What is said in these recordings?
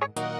Thank you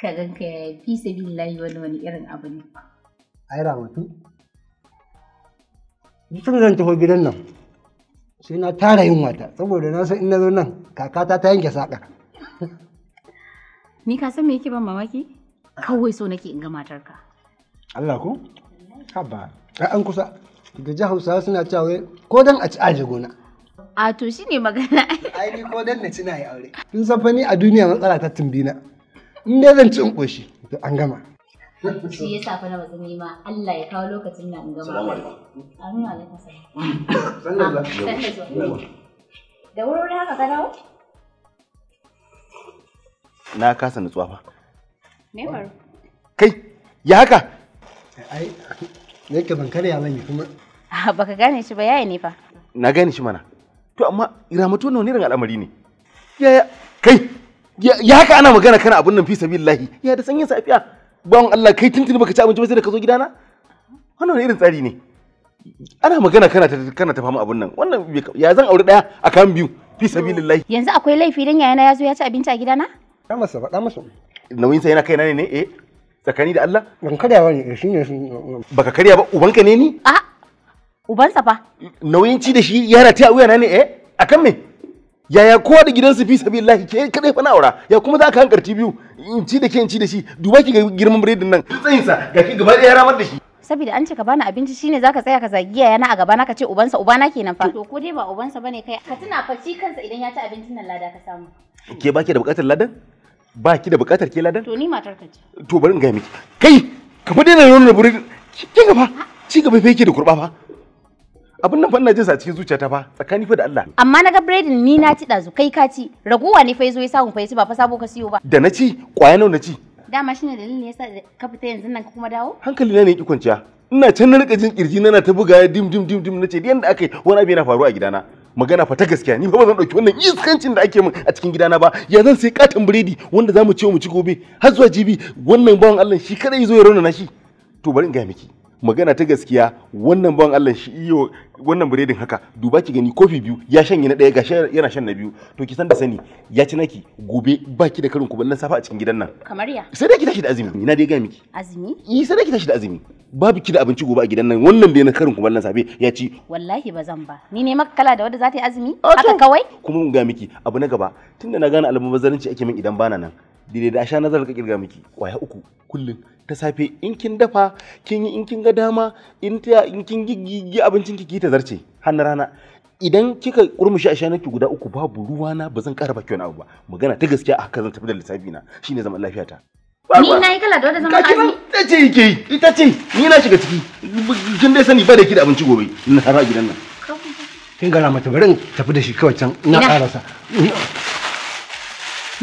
ka gan ka fi sabilillahi wani wani irin abu ne ai ramatu mutum zan taho gidan nan sai na tara yin wata saboda na san ina zo nan kakata ta yanke saƙa ni ka san me yake ban mamaki kawai so nake in ga matarka Allah ko haba an kusa da ji hausawa suna cewa ko dan a ci aje gona a to shine magana ai ni ko dan na ci na yi aure kin san fa ni a duniya matsala ta tumbina in zan ci in koshi to an gama shi ya safa na bazan yi Allah ya kawo lokacin na in gama amin alaikum salam sallallahu ah, da wurin haka ka dawo na kasa nutsuwa fa me faru kai ya haka ai ne ka ban karya bane kuma ah, baka gane shi ba yayi ne fa na gane shi mana to amma ramatu ne rin al'amari ne yaya kai ya haka ana magana kana abin nan fi sabilillahi ya da sanyin safiya bawan Allah kai tuntuni baka ci abinci ba sai da ka zo gidana wannan wani irin tsari ne ana magana kana ta kana ta fama abin nan wannan ya zan aure daya a kan biyu fi sabilillahi yanzu akwai laifi dan yayana ya zo ya ci abinci a gidana ka masa faɗa masa nauyin sa yana kaina ne ne eh tsakani da Allah ban karya ba ne shine baka karya ba ubanka ne ni a ubansa fa nauyin ci da shi yana ta wuya na ne eh akan me yaya kowa da gidansu fi lahi ke kadai fa na'ura aura ya kuma za ka hankarci biyu in ci da ke in ci da shi duba ki ga girman biredin nan tsayinsa ga ki gaba ya ramar da shi saboda an ce ka bani abinci shine zaka tsaya ka zagi yaya na a gaba na ka ce ubansa ubana kenan fa to ko dai ba ubansa bane kai ka tuna fa shi kansa idan ya ci abincin nan lada ka samu ke baki da bukatar ladan ba ki da bukatar ke ladan to ni matar ka ce to bari in ga miki kai ka fa daina nuna buredin ki gaba ci gaba fa yake da kurba fa abin nan fa ina jin sa cikin zuciyata fa tsakani fa da Allah amma naga ga biredin ni na ci dazu kai ka ci raguwa ne fa yazo ya ku fa yace ba fa sabo ka siyo ba da na ci kwaya nawa na ci dama shine dalilin yasa ka fita yanzu nan ka kuma dawo hankali na ne ki kwanciya ina can na rika jin kirji na ta buga dim dim dim dim nace yanda aka yi wani abu yana faruwa a gidana magana fa ta gaskiya ni fa ba zan dauki wannan iskancin da ake min a cikin gidana ba ya zan sai katon biredi wanda zamu ce mu ci gobe har zuwa jibi wannan bawan Allah shi kada yazo ya rauna na shi to bari in ga miki magana ta gaskiya wannan ban Allah shi iyo wannan biredin haka duba ki gani kofi biyu ya shanye na daya gashi yana shan na biyu to ki san da sani ya ci naki gobe baki da karin kuballan safa a cikin gidan nan kamar ya sai da ki tashi da azumi ina dai ga miki azumi yi eh, sai da ki tashi da azumi babu ki da abinci gobe a gidan nan wannan dai na karin kumallon safe ya ci wallahi ba zan ba ni ne maka kala da wanda za ta yi azumi ah, haka kawai kuma mun ga miki abu na gaba tunda na gane almubazzaranci ake min idan bana nan daidai da sha nazar ka kirga miki kwaya uku kullum ta safe in kin dafa kin yi in kin ga dama in ta in kin giggi abincin ki ta zarce har na rana idan kika kurmushi a shanaki guda uku babu ruwa na ba zan ƙara baki wani abu ba magana ta gaskiya a hakan zan tafi da lissafi na shine zaman lafiya ta ni na yi kala da wanda zaman azumi ta ce yake yi ita ce ni na shiga ciki kin dai sani ba da ki da abinci gobe na har gidan nan kin gara mata bari tafi da shi kawai can na karasa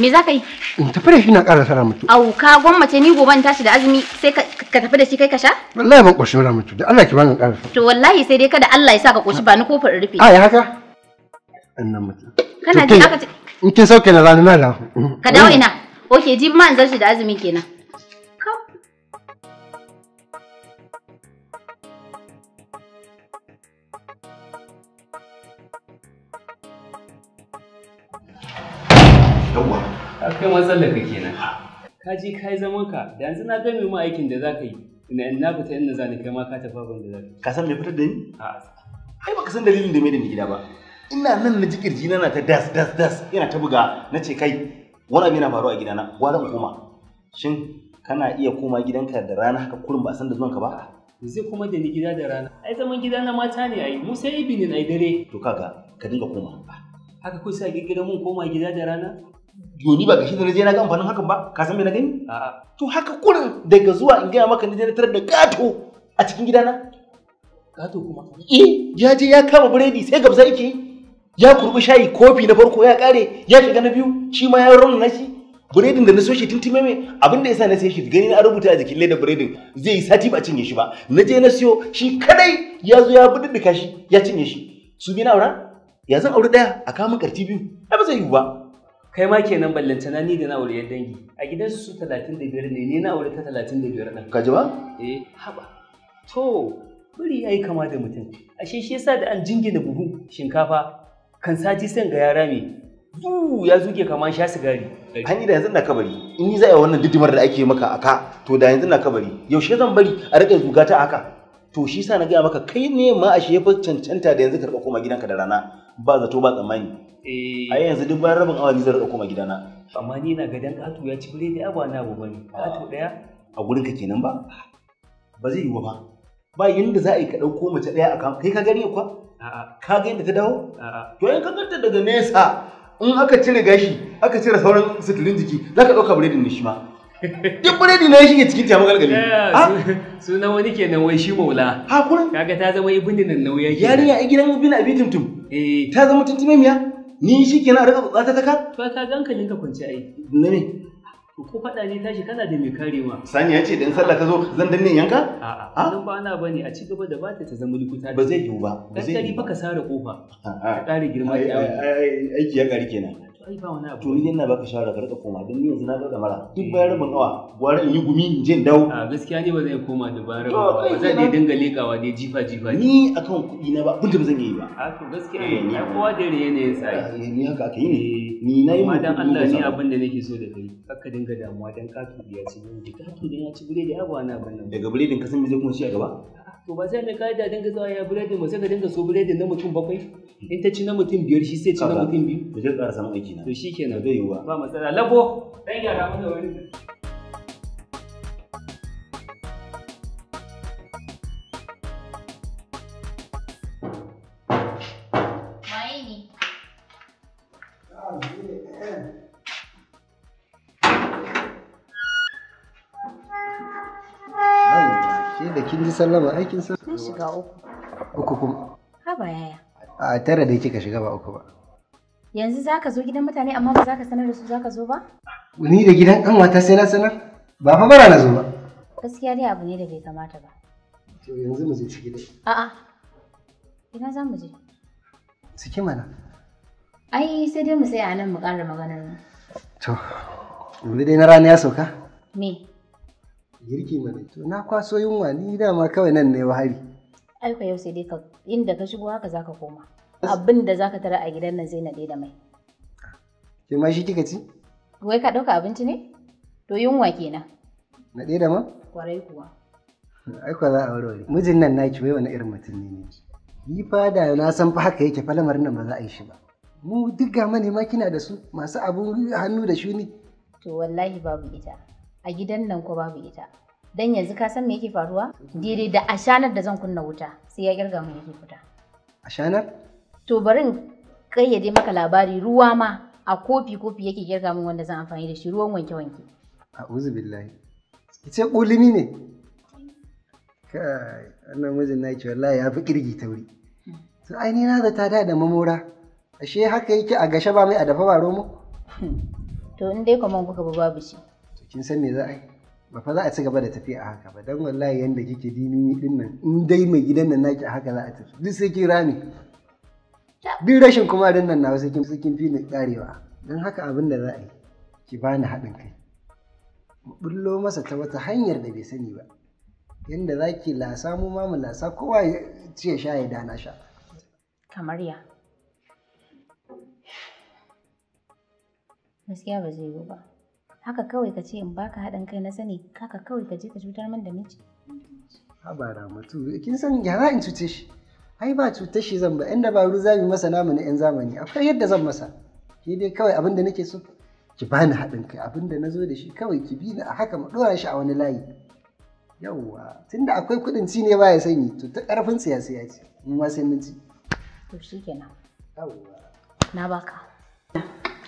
me za ka yi in tafi da shi na ƙara sara mutu au ka gwammace ni gobe tashi da azumi sai ka tafi da shi kai ka sha wallahi ban ƙoshi ra mutu da Allah ki bani ƙara to wallahi sai dai kada Allah ya sa ka ƙoshi ba ni kofar rufe a ya haka annan mutu kana ji aka ce in kin sauke na zanuna na da ka dawo ina oke ji ma in zarshi da azumi kenan Yawwa. ka kai matsalar ka kenan ka ji kai zaman ka da yanzu na game ma aikin da za ka yi ina na fita inda za kai ma ka tafi abin da za ka ka san me fitar da ni a ai baka san dalilin da me da ni gida ba ina nan na ji kirji na ta das das das ina ta buga na ce kai wani abu na faruwa a gidana zan koma shin kana iya koma gidanka da rana haka kullum ba san da zuwanka ba zai kuma da ni gida da rana ai zaman gida na mata ne ai mu sai ibini na dare to kaga ka dinga koma haka ko sai gidan mun koma gida da rana yoni ba gashi da na je na ga amfanin hakan ba ka san na gani to haka kurin daga zuwa in gaya maka ni je na tarar da gato a cikin gidana gato kuma eh ya je ya kama biredi sai gabza yake ya kurbi shayi kofi na farko ya kare ya shiga na biyu shi ma ya rauna shi biredin da na so shi tuntun meme abin da sa na sai shi gani na rubuta a jikin leda biredin zai yi sati ba cinye shi ba na je na siyo shi kadai ya zo ya bududdika shi ya cinye shi su bi na aura ya zan aure daya a kamun karti biyu a ba zai yiwu ba kai ma kenan na ni da na aure dangi a gidan su 35 ne ni na aure ta 35 din ka ji ba eh haba to buri yayi kama da mutum ashe shi yasa da an jingina buhu shinkafa kan sati san ga yara me du ya zuke kama sha sigari hani da yanzu na kabari in yi zai wannan didimar da ake maka aka to da yanzu na kabari yaushe zan bari a rika zuga ta aka to shi sa na gaya maka kai ne ma ashe ya fi cancanta da yanzu karba koma gidanka da rana ba zato ba tsammani Eh. a yanzu duk bayan rabin awa biyu zan ɗauko ma gidana amma ni na gadan ƙato ya ci biredi ai ba na abu bane ƙato ɗaya a gurin ka kenan ba ba zai yiwu ba ba yanda za a yi ka ɗauko mace ɗaya a kan kai ka gani kwa ka ga yadda ta dawo to in ka ganta daga nesa in aka cire gashi aka cire sauran suturin jiki za ka ɗauka biredin ne shi ma duk biredi na shige cikin tamu galgali eh, sunan wani kenan wai shi maula ha kurin kaga ta zama ibnin nan nauya yarinya a gidan bin abi tumtum eh. ta zama tuntume miya ni shi kenan a rika ta ka to ka ga hankalin ka kwance ai Ne ne? ko faɗa ne tashi kana da mai karewa sani ya ce da in sallah ta zo zan danne yanka a'a Dan ba ana bane a ci gaba da bata ta zama likuta ba zai yiwu ba ba zai yiwu ba ka sare kofa ka ƙara girma ki aiki ya ƙari kenan ai ba wani abu to idan na baka shawara ka rika koma don ni yanzu na dauka mara duk eh. bayan rabin awa gwara in yi gumi in je dawo a gaskiya ne ba zan koma da bayan rabin ba zan dai dinga lekawa dai jifa jifa ni akan kuɗi na ba abin da ba zan yi ba a to gaskiya eh, ne ya kowa da yanayin sa eh, ni haka aka yi ne ni na yi ma Allah ne abin da nake so da kai kakka dinga damuwa dan ka tubiya ci ne ka tubiya ci gure da abuwa na ban nan daga biredin ka san me zai kuma ci a gaba to ba sai mai ka'ida dinga zuwa ya biredi mu sai ka dinga so biredi na mutum bakwai in ta ci na mutum biyar shi sai ci na mutum biyu to zai ƙara samun aiki na to shikenan zai yiwuwa ba matsala labo dan gyara da wani Ke da kin ji sallama aikin sa? Sun shiga uku. Uku kuma? Haba yaya. A tara dai kika shiga ba uku ba. Yanzu za ka zo gidan mutane amma ba za ka sanar da su za ka zo ba? Ni da gidan wata sai na sanar? Ba fa bara na zo ba. Gaskiya dai abu ne da bai kamata ba. To yanzu mu je ciki dai. A'a. Ina za mu je? Ciki mana. Ai sai dai mu sai a nan mu ƙara maganar mu. To, yanzu dai na rana ya sauka? Me? girki mana to na kwaso yunwa ni dama kawai nan ne wahari ai ka yau sai dai ka inda ka shigo haka zaka koma abin da zaka tara a gidan nan zai nade da mai ke ma shi kika ci wai ka dauka abinci ne to yunwa kenan nade da ma kwarai kuwa ai kwa za a warware mijin nan naki wai wani irin mutum ne ne ni fa da na san fa haka yake falamar nan ba za a yi shi ba mu duk ga manema kina da su masu abun hannu da shuni to wallahi babu ita a gidan nan ko babu ita dan yanzu ka san me yake faruwa dire da ashanar da zan kunna wuta sai ya kirga mu yake fita ashanar to barin kayyade maka labari ruwa ma a kofi kofi yake kirga mu wanda zan amfani da shi ruwan wanke wanke a'udhu billahi ita kulimi ne kai annan mijin na wallahi ya fi kirgi tauri to ai ni na zata ta da mamora ashe haka yake a gashe ba mai a dafa ba romo to in dai kuma kuka ba babu shi kin san me za a yi ba fa za a ci gaba da tafiya a haka ba don wallahi yanda kike dini din nan in dai mai gidan nan naki haka za a tafi duk sai kin rami duk rashin kuma din nan nawa sai kin fi ni karewa dan haka abin da za a yi ki bani haɗin kai mu bullo masa ta wata hanyar da bai sani ba yanda za ki lasa mu ma mu lasa kowa ya ce sha ya dana sha kamar ya gaskiya ba zai yi ba haka kawai ka ce in baka haɗin kai na sani haka kawai ka je ka cutar min da miji haba ramatu kin san ya za in cuce shi ai ba cutar shi zan ba yan dabaru zamu masa namu na yan zamani akwai yadda zan masa shi dai kawai abin da nake so ki bani haɗin kai abin da na zo da shi kawai ki bi ni a haka mu ɗora shi a wani layi yawwa tunda akwai kuɗin ci ne baya sanyi to ta ƙarfin siyasa ya ce in ma sai mun ci to shikenan yawwa na baka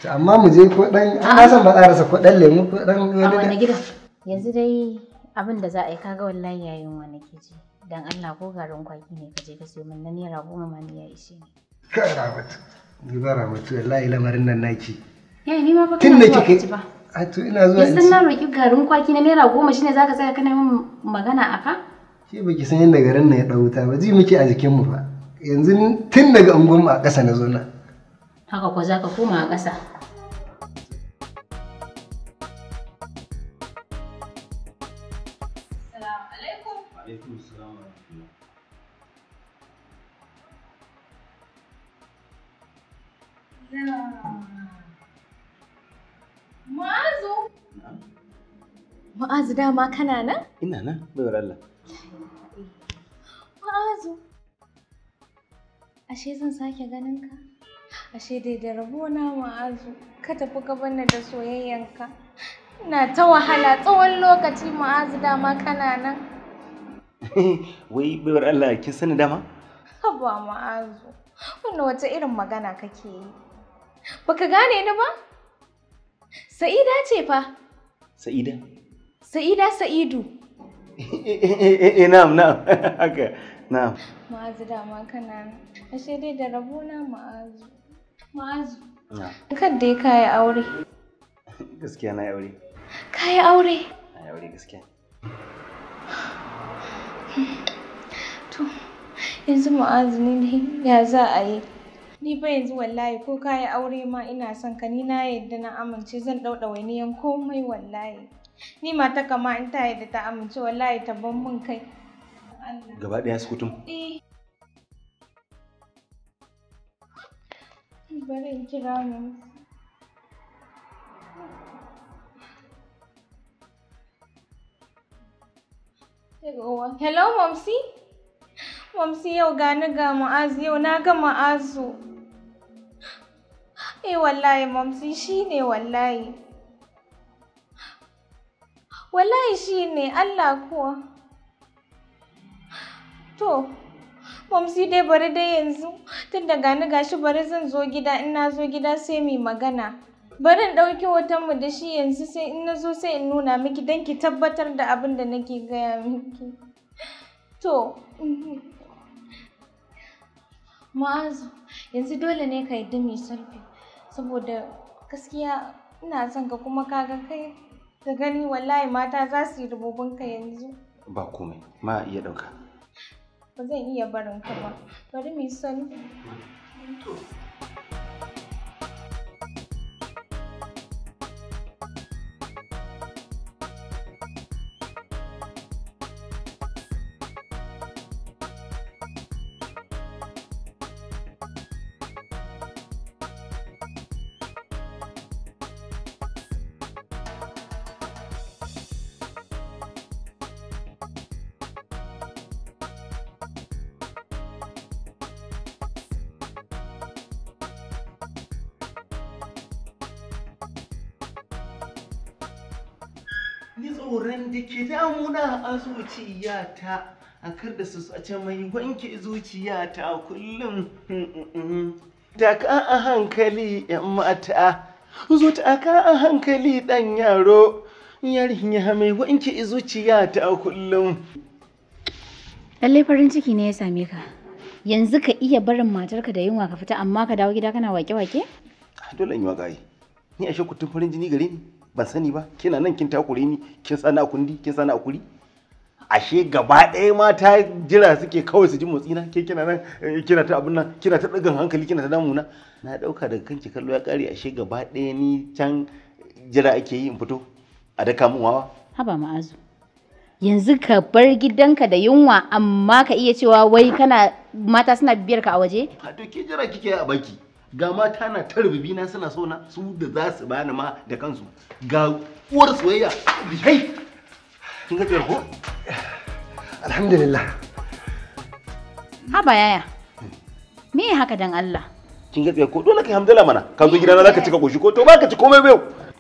amma mu je ko dan ana san ba tsarasa ko dan lemu ko dan wani gida yanzu dai abin da za a yi kaga wallahi yayin wani nake ji dan Allah ko garin kwaki ne ka je ka siyo min na naira goma ma mani ya ishe ni ka ramatu ni ba ramatu wallahi lamarin nan naki yayi ni ma ba kana ci ba a to ina zuwa yanzu na roki garin kwaki na naira goma shine zaka tsaya kana min magana aka ke baki san yanda garin nan ya dauta ba ji muke a jikin mu fa yanzu tun daga unguwar mu a ƙasa na zo na haka ko za ka koma a ƙasa Ma'azu dama kana nan? Ina nan, bai Allah. Ma'azu, ashe zan sake ganin ka? ashe dai da rabona ma'azu ka tafi ka bani da soyayyanka ina ta wahala tsawon lokaci ma'azu dama kana nan wai baiwar Allah kin sani dama haba ma'azu wannan wata irin magana kake yi baka gane ni ba sa'ida ce fa sa'ida sa'ida sa'idu eh eh, eh, eh, eh na'am na'am haka na'am ma'azu dama kana nan ashe dai da rabona ma'azu Mazu. Kan dai ka yi aure. Gaskiya na yi aure. Ka yi aure. Na yi aure gaskiya. To, yanzu Mu'azu ne ya za a yi? Ni ba yanzu wallahi ko ka yi aure ma ina son ka ni na yadda na amince zan ɗau ɗawainiyan komai wallahi. Ni mata kama in ta yadda ta amince wallahi ta ban mun kai. Gaba ɗaya su kutum? Eh. bari in kira mu hello momsi momsi yau gani ga mu'azu yau na ga mu'azu eh wallahi momsi ne wallahi wallahi ne, Allah kuwa to Mamsi dai bari dai yanzu tun da gani gashi bari zan zo gida in na zo gida sai mu magana. Bari in ɗauki hoton mu da shi yanzu sai in na zo sai in nuna miki don ki tabbatar da abin da nake gaya miki. To, mhm. Ma'azu, yanzu dole ne ka yi mai sulfi saboda gaskiya ina son ka kuma kaga kai da gani wallahi mata za su yi rububin ka yanzu. Ba komai, ma iya ɗauka. ba zan iya barin ka ba bari mu yi zuciyata a kar da su can mai wanke zuciyata kullum ka a hankali yan mata zuciyaka a hankali dan yaro yarinya mai wanke zuciyata kullum lallai farin ciki ne ya same ka yanzu ka iya barin matarka da yunwa ka fita amma ka dawo gida kana wake-wake ah, dole in yi waka yi ni ashe farin jini gare ni ban sani ba kina nan kin takure ni kin sana kundi kin sana akuri ashe gaba ɗaya mata jira suke kawai su ji motsi na ke kina nan eh, kina ta abin nan kina ta ɗagan hankali kina ta damuna na ɗauka daga kanki kallo ya ƙare ashe gaba ɗaya ni can jira ake yi in fito a daka min wawa haba ma'azu yanzu ka bar gidanka da yunwa amma ka iya cewa wai kana mata suna bibiyar ka a waje a to ke jira kike a baki ga mata na tarbibi na suna so na su da za su bani ma da kansu ga uwar soyayya hai kin ga ko Alhamdulillah. Haba yaya. Me haka dan Allah? Kin ga ko dole kai hamdala mana. Ka zo gidana zaka cika koshi ko to ba ka ci komai bai.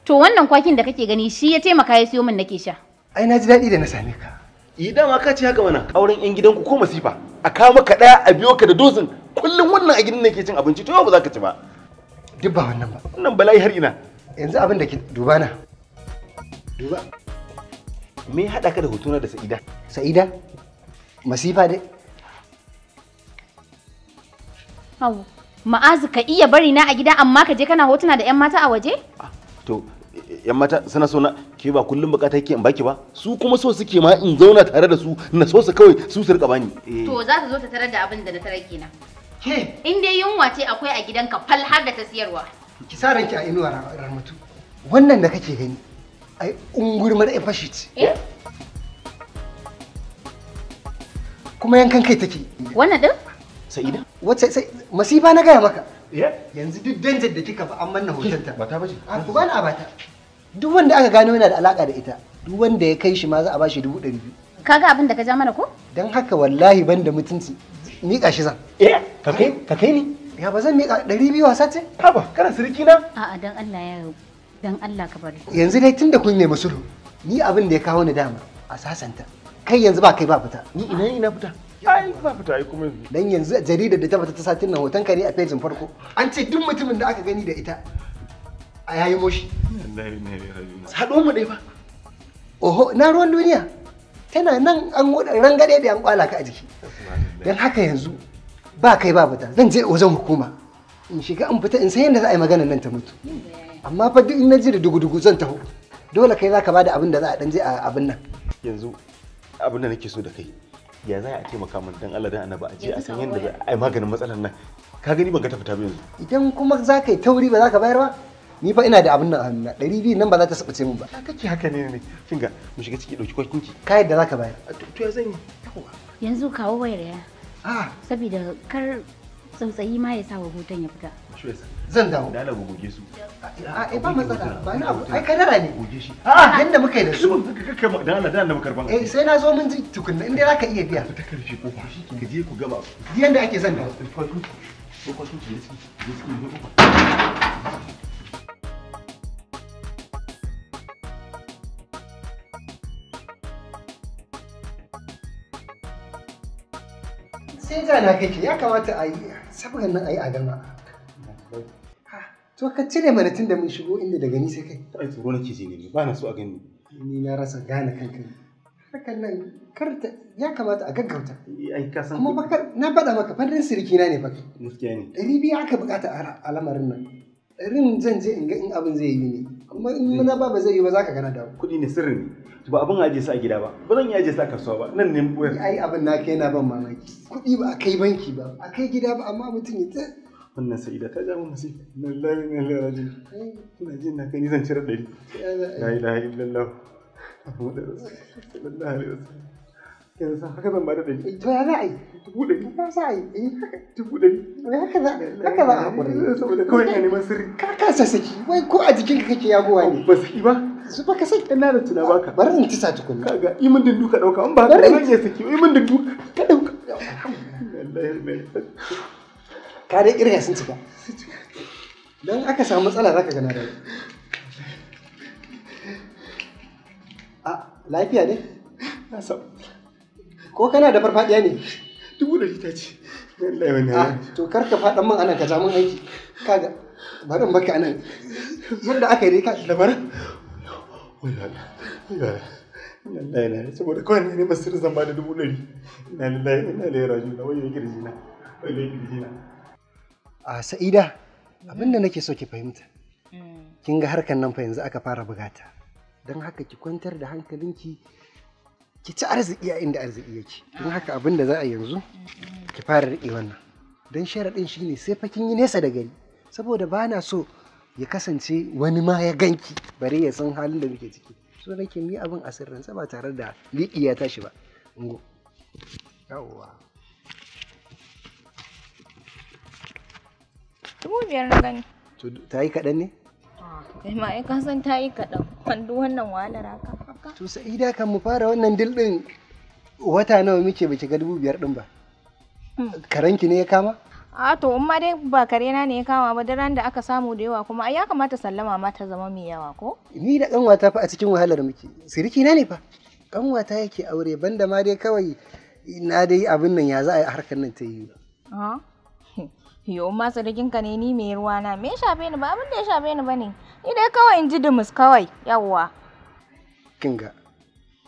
To wannan kwakin da kake gani shi ya taimaka ya siyo min nake sha. Ai na ji daɗi da na same ka. Idan dama ka ce haka mana. Auren yan gidanku ko masifa. A kawo maka ɗaya a biyo ka da dozin. Kullum wannan a gidan nake cin abinci to yau ba za ka ci ba. Duk ba wannan ba. Wannan bala'i har ina. Yanzu abin da ke duba na. Duba. Me haɗa ka da hotuna da Sa'ida? Sa'ida? Masifa dai? Abu, ma'azu ka iya bari na a gida amma ka je kana hotuna da 'yan mata a waje? Ah, to, 'yan mata suna so na ke ba kullum bukata ke in baki ba su kuma so suke ma in zauna tare da su na so su kawai su su rika bani. Eh. To za ta zo ta tarar da abin da na tarar kenan. Ke? In dai yunwa ce akwai a gidanka fal har da ta siyarwa. Ki sa ranki a inuwa Ramatu. Wannan da kake gani, ai ungurmar efashit. Eh? kuma yankan kai take wannan din sa'ida wace sai masifa na gaya maka yanzu duk danjar da kika fa an manna hotonta ta. Bata bace a ku bani a bata duk wanda aka gano yana da alaka da ita duk wanda ya kai shi ma za a bashi dubu ɗari biyu kaga abin da ka ja mana ko dan haka wallahi ban da mutunci Mika shi zan eh ka kai ka kai ni ya ba zan miƙa ɗari biyu wasa ce haba kana sirki na a'a dan Allah ya dan Allah ka bari yanzu dai tunda kun nemi sulhu ni abin da ya kawo ni dama a sasanta kai yanzu ba kai ba fita ni ina ina fita ai ba fita ai kuma yanzu dan yanzu jaridar da ta fita ta satin nan hoton ka ne a fejin farko an ce duk mutumin da aka gani da ita a yayi moshi ne haɗo mu dai ba oho na ruwan duniya tana nan an rangade da an kwala ka a jiki dan haka yanzu ba kai ba fita zan je wajen hukuma in shiga in fita in san yadda za a yi maganar nan ta mutu amma fa duk in na ji da dugu-dugu zan taho dole kai za ka bada abin da za a dan je a abin nan yanzu abin da nake so da kai ya za a taimaka min dan Allah dan annabi a je a san yadda za a yi maganin matsalar nan ka gani ban ga ta fita ba yanzu idan kuma za ka yi tauri ba za ka bayar ba ni fa ina da abin nan a hannuna ɗari biyu nan ba za ta sabace min ba kake haka ne ne kinga mu shiga ciki ɗauki kwakinki ka yadda za ka bayar to ya zan yi yanzu kawo wayar ya ah. saboda kar tsautsayi ma ya sa wa hoton ya fita zan dawo da Allah goge su a eh, ba matsala ba ni abu ai kadara ne goge shi a ah, yanda muka yi da su kai eh sai na zo mun ji tukunna inda zaka iya biya ta karfi ko ba shi je ku yanda ake zan dawo ko ko su ki riski ne sai kake ya kamata a yi saboda nan a yi a gama To ka cire mana tun da mun shigo inda daga ni sai kai. Ai tsoro nake ji ne ba na so a gani. Ni na rasa gane kanka. Hakan nan kar ta ya kamata a gaggauta. Eh, ai ka san. kuma baka na faɗa maka fadin sirki na ne fa. Gaskiya ne. Ɗari biyu aka bukata a lamarin nan. Ɗarin zan je in ga in abin zai yi ne. Kuma in muna ba ba zai yi ba za ka gana dawo. Kuɗi ne sirri ne. Ba abin aje su a gida ba. Ba zan yi ajiye su a kasuwa ba. Nan ne boyar. Ai abin na kai na ban mamaki. Kuɗi ba a kai banki ba. A kai gida ba amma mutum ya ta wannan da ta ja mun masifa inna lillahi ina na kai zan cire dari la ilaha illallah haka zan to ya za a yi dubu dari eh, haka za haka za a ina neman sirri ka saki wai ko a kake yagowa ne ba saki ba su sai ina da tuna bari in tisa tukunna kaga imin din duka dauka ka zan iya saki imin din duka ka dauka ka dai kirga sun cika don aka samu matsala za ka gana da a lafiya ne ko kana da farfadiya ne dubu da ta ce lallai wannan to kar ka faɗan man ana ka ja mun aiki kaga bari in baka anan da aka yi ka labarin lallai na saboda kawai ne ne masu zamba da dubu ɗari na lallai na lera juna wai yau girjina wai yau girjina a sa'ida mhm. abinda da nake so ki fahimta mm. kin ga harkar nan fa yanzu aka fara bugata don haka ki kwantar da hankalinki ki ci arziki a inda arziki yake don haka abin da za a yanzu ki fara riƙe wannan don sharaɗin shine sai fa kin yi nesa da gari saboda ba na so ya kasance wani ma ya ganki bare ya san halin da muke ciki so nake mi abin a sirrinsa ba tare da liƙi ya tashi ba yawwa Dubu biyar na gani. Ta yi kaɗan ne? Kai ah, ma ai san ta yi kaɗan. kan Kwandu wannan wahalar haka. To Sa'ida kan mu fara wannan dil ɗin wata nawa muke baki ga dubu biyar ɗin ba. Hmm. Karanki ne ya kama? A to in ma dai ba karena ne ya kama ba daren da aka samu da yawa kuma ai ya kamata sallama ma ta zama mai yawa ko? Ni da ƙanwata fa a cikin wahalar muke. Siriki na ne fa. Ƙanwata yake aure banda ma dai kawai na dai abin nan ya za a yi harkar nan ta yi. yo ma sadakinka ne ni mai ruwa na me ya shafe ni ba abin da ya shafe ni bane ni dai kawai in ji dumus kawai yawwa kinga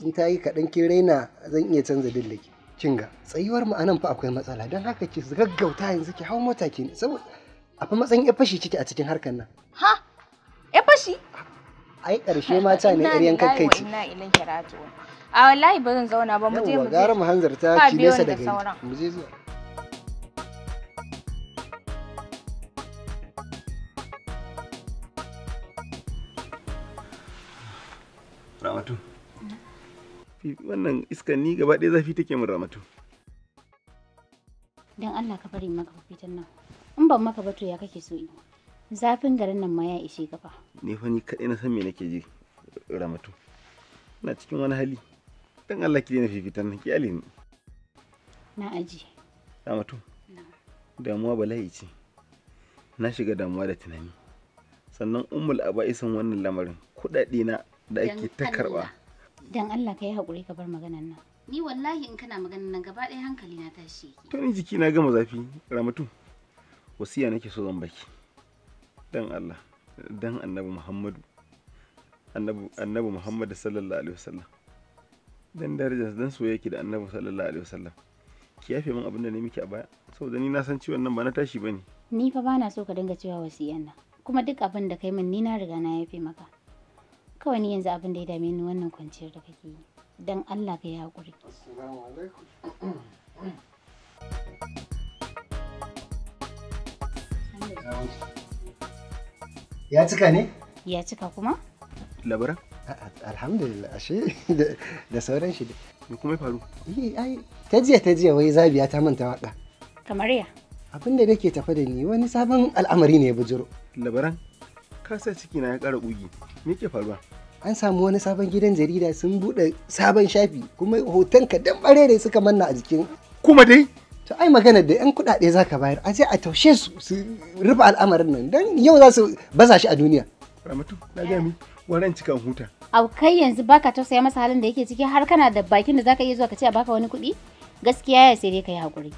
in ta yi kaɗan kin raina zan iya canza dillaki kinga tsayuwar mu anan fa akwai matsala don haka ki gaggauta yanzu ki hau mota ki saboda a fa matsayin ya fashi ciki a cikin harkar nan ha ya fashi ai karshe mata ne ƴar yankan ci ce ina ilin kiratu a wallahi ba zan zauna ba mu je mu je gara mu hanzarta ki nesa da gari mu je zuwa ramatu wannan iska ni gaba ɗaya zafi take min ramatu don allah ka bari maka fitan nan in ban maka ba to ya kake so yi zafin garin nan ma ya ishe gaba ni fa ni kaɗai na san me nake ji ramatu ina cikin wani hali don allah ki daina fifitan nan ki ni na aji ramatu damuwa bala'i ce na shiga damuwa da tunani sannan ummul aba'isan wannan lamarin kuɗaɗe na da ake ta karba dan Allah ka yi hakuri ka bar maganan nan ni wallahi in kana maganan nan gaba ɗaya hankali na tashi yake to ni jiki na gama zafi ramatu wasiya nake so zan baki dan Allah dan annabi Muhammadu annabi annabi Muhammadu sallallahu alaihi wasallam dan darajar dan soyayya ki da annabi sallallahu alaihi wasallam ki yafe min abin da ne miki a baya saboda ni na san ciwon nan ba na tashi bane ni fa bana so ka dinga cewa wasiyan nan kuma duk abin da kai min ni na riga na yafe maka kawai ni yanzu abin da ya dame ni wannan kwanciyar da kake yi don allah ka ya haƙuri ya cika ne ya cika kuma labara alhamdulillah ashe da sauran shi me kuma ya faru eh, ai ta jiya ta jiya wai zabiya ta manta waka kamar ya abin da nake tafa da ni wani sabon al'amari ne ya bujiro labaran ka ciki na ya kara ƙugi me ke faruwa an samu wani sabon gidan jarida sun bude sabon shafi kuma hoton ka dan barere suka manna a jikin kuma dai to ai magana da yan kudade za bayar a je a taushe su su rufe al'amarin nan dan yau za su baza shi a duniya ramatu na ga mi waran cikan huta au kai yanzu baka tausaya masa halin da yake ciki har kana da bakin da zaka iya zuwa ka ce a baka wani kuɗi gaskiya ya sai dai yi hakuri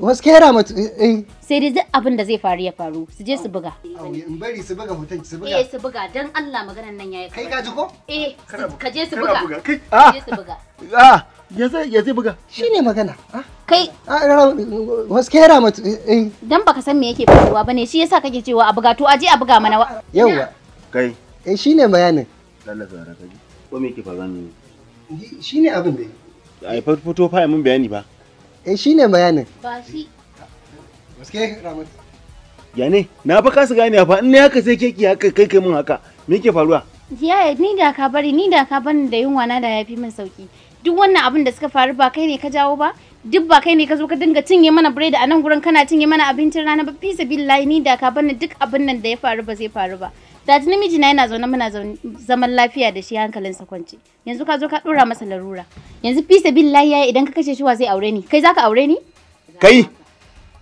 gaskiya yana mutu eh. sai dai abin da zai faru ya faru su je su buga in bari su buga hoton su buga eh su buga dan Allah maganar nan yayi kai ka ji ko eh ka je su buga Ka ah. je su buga ah ya zai ya zai buga shine magana ah. kai gaskiya yana mutu eh. dan baka san me yake faruwa bane shi yasa kake cewa a buga to aje a buga mana Yauwa. kai eh shine bayanin lallasa ka ji ko me yake faruwa ne shine abin da yake ai fa fito fa mun bayani ba eh ne bayanin ba shi gaske ramat ya ne na fa kasa gane fa in ne haka sai haka kai kai mun haka me yake faruwa jiya ni da ka bari ni da ka bani da yunwa na da yafi min sauki duk wannan abin da suka faru ba kai ne ka jawo ba duk ba kai ne ka zo ka dinga cinye mana bread a nan gurin kana cinye mana abincin rana ba fi billahi ni da ka bani duk abin nan da ya faru ba zai faru ba da tuni na yana zaune muna zaman lafiya da shi hankalinsa kwance yanzu ka zo ka dora masa larura yanzu fi billahi yayi idan ka kashe shi wa zai aure ni kai zaka aure ni kai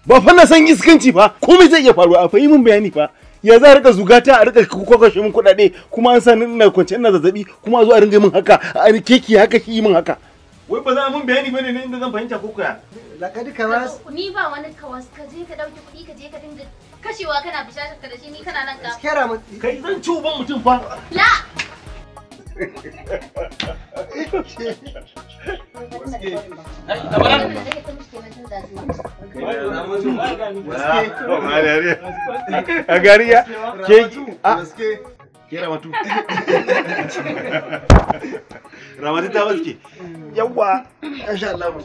ba fa na san iskanci fa komai zai iya faruwa a fahimin bayani fa ya za a rika zugata a rika kokashe min kuɗaɗe kuma an sani ina kwance ina zazzabi kuma a zo a ringa min haka a keki haka shi min haka wai ba za mun bayani bane ne inda zan fahimta ko kuya lakadi kawas ni ba wani kawas ka je ka dauki kuɗi ka je ka dinga kashewa kana bishatar da shi ni kana nan ka kera mu kai zan ci uban mutum fa la ke ta yawwa insha Allah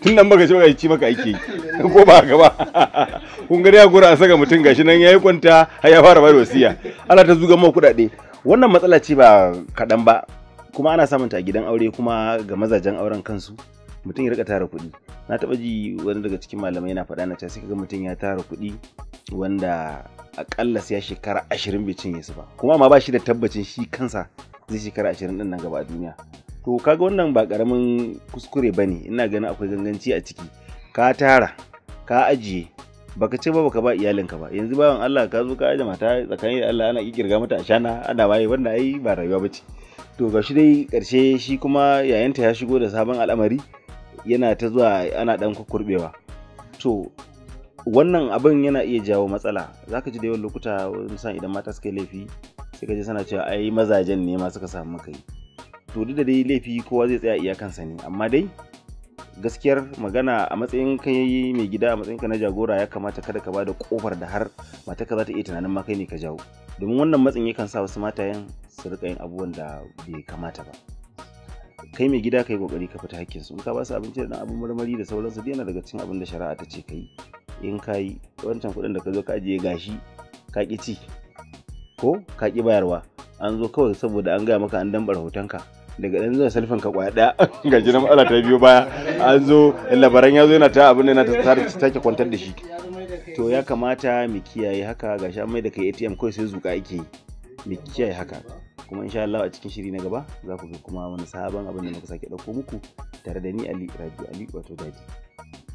tun nan baka ci baka ci maka aiki ko ba gaba kun ga ya gura a saka mutum gashi nan yayi kwanta har ya fara bayar wasiya Allah ta zuga mau kuɗaɗe wannan matsala ce ba kaɗan ba kuma ana samun ta a gidan aure kuma ga mazajen auren kansu mutum ya rika tara kuɗi na taba ji wani daga cikin malamai yana faɗa na ta sai kaga mutum ya tara kuɗi wanda akalla sai ya shekara ashirin bai cinye su ba kuma ma ba shi da tabbacin shi kansa zai shekara ashirin ɗin nan gaba a duniya to kaga wannan ba karamin kuskure bane ina ganin akwai ganganci a ciki ka tara ka ajiye baka ce ba baka ba iyalinka ba yanzu bayan Allah ka zo ka aje mata tsakanin Allah ana kirga mata a shana ana waye wanda ai ba rayuwa bace to gashi dai karshe shi kuma yayanta ya shigo da sabon al'amari yana ta zuwa ana dan kukurbewa to wannan abin yana iya jawo matsala zaka ji da yawan lokuta san idan mata suka laifi sai ka ji sana cewa ai mazajen ne ma suka samu kai to da dai laifi kowa zai tsaya iya kansa ne amma dai gaskiyar magana a matsayin kai mai gida a matsayin ka na jagora ya kamata kada ka ba da kofar da har mata ka za ta iya tunanin ma kai ne ka jawo domin wannan matsin yakan sa wasu matayen su rika yin abubuwan da bai kamata ba kai mai gida kai kokari ka fita hakkin su in ka ba su abinci da abun marmari da sauransu yana daga cikin abin da shari'a ta ce kai in ka yi wancan kuɗin da ka zo ka ajiye gashi ka ki ci ko ka ki bayarwa an zo kawai saboda an gaya maka an dambar ka. daga ɗan zuwa salfin ka kwaya ɗaya ga jinan ala ta biyu baya an zo labaran ya zo yana ta abin da yana ta take kwantar da shi to ya kamata mu kiyaye haka ga sha mai da kai ATM kawai sai zuka ake mu kiyaye haka kuma insha Allah a cikin shiri na gaba za ku ga kuma wani sabon abin da muka sake ɗauko muku tare da ni Ali Rabi Ali wato Daji